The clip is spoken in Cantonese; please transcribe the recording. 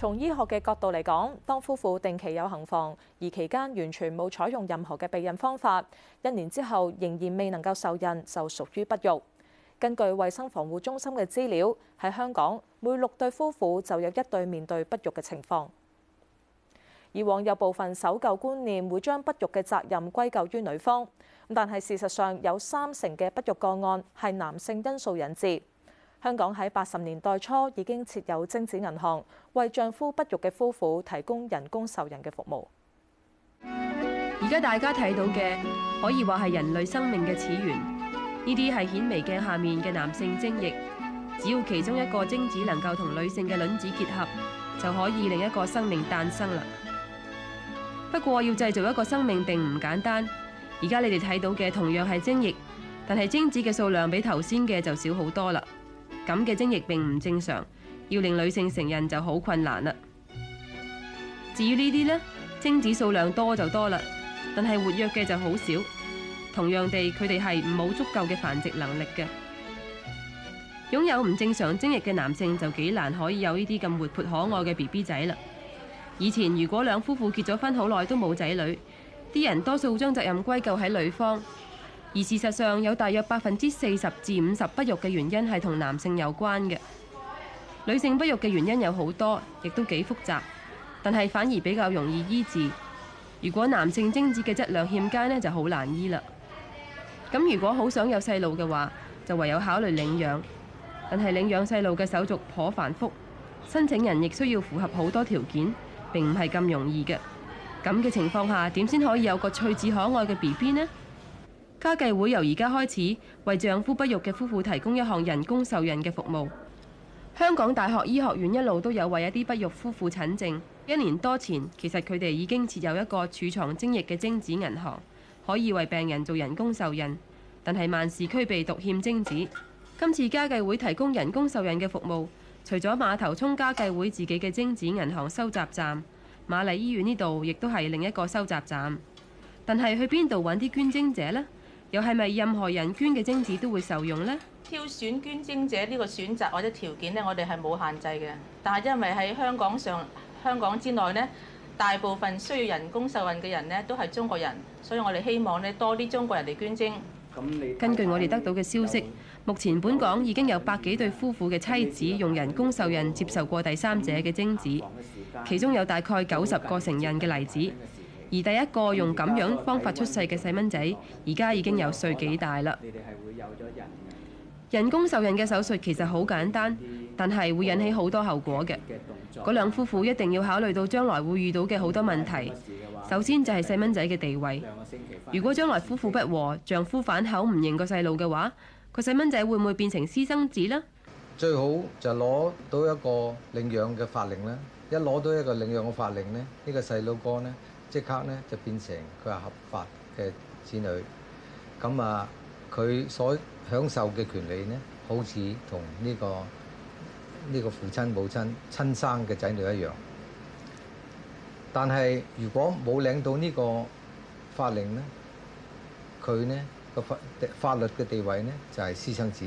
從醫學嘅角度嚟講，當夫婦定期有行房，而期間完全冇採用任何嘅避孕方法，一年之後仍然未能夠受孕，就屬於不育。根據衛生防護中心嘅資料，喺香港每六對夫婦就有一對面對不育嘅情況。以往有部分守舊觀念會將不育嘅責任歸咎於女方，但係事實上有三成嘅不育個案係男性因素引致。香港喺八十年代初已經設有精子銀行，為丈夫不育嘅夫婦提供人工受孕嘅服務。而家大家睇到嘅可以話係人類生命嘅始源，呢啲係顯微鏡下面嘅男性精液，只要其中一個精子能夠同女性嘅卵子結合，就可以令一個生命誕生啦。不過要製造一個生命並唔簡單。而家你哋睇到嘅同樣係精液，但係精子嘅數量比頭先嘅就少好多啦。咁嘅精液並唔正常，要令女性成孕就好困難啦。至於呢啲呢，精子數量多就多啦，但係活躍嘅就好少。同樣地，佢哋係冇足夠嘅繁殖能力嘅。擁有唔正常精液嘅男性就幾難可以有呢啲咁活潑可愛嘅 BB 仔啦。以前如果兩夫婦結咗婚好耐都冇仔女，啲人多數將責任歸咎喺女方。而事實上，有大約百分之四十至五十不育嘅原因係同男性有關嘅。女性不育嘅原因有好多，亦都幾複雜，但係反而比較容易醫治。如果男性精子嘅質量欠佳呢，就好難醫啦。咁如果好想有細路嘅話，就唯有考慮領養，但係領養細路嘅手續頗繁複，申請人亦需要符合好多條件，並唔係咁容易嘅。咁嘅情況下，點先可以有個趣致可愛嘅 BB 呢？家計會由而家開始為丈夫不育嘅夫婦提供一項人工受孕嘅服務。香港大學醫學院一路都有為一啲不育夫婦診症。一年多前，其實佢哋已經設有一個儲藏精液嘅精子銀行，可以為病人做人工受孕。但係萬事俱備，獨欠精子。今次家計會提供人工受孕嘅服務，除咗馬頭涌家計會自己嘅精子銀行收集站，瑪麗醫院呢度亦都係另一個收集站。但係去邊度揾啲捐精者呢？又係咪任何人捐嘅精子都會受用呢？挑選捐精者呢個選擇或者條件呢，我哋係冇限制嘅。但係因為喺香港上，香港之內呢，大部分需要人工受孕嘅人呢，都係中國人，所以我哋希望呢多啲中國人嚟捐精。根據我哋得到嘅消息，目前本港已經有百幾對夫婦嘅妻子用人工受孕接受過第三者嘅精子，其中有大概九十個成人嘅例子。而第一個用咁樣方法出世嘅細蚊仔，而家已經有歲幾大啦。人工受孕嘅手術，其實好簡單，但係會引起好多後果嘅。嗰兩夫婦一定要考慮到將來會遇到嘅好多問題。首先就係細蚊仔嘅地位。如果將來夫婦不和，丈夫反口唔認個細路嘅話，個細蚊仔會唔會變成私生子呢？最好就攞到一個領養嘅法令啦。一攞到一個領養嘅法令呢，呢個細路哥呢。即刻咧就變成佢係合法嘅子女，咁啊佢所享受嘅權利呢，好似同呢個呢個父親母親親生嘅仔女一樣。但係如果冇領到呢個法令呢，佢呢個法法律嘅地位呢，就係私生子。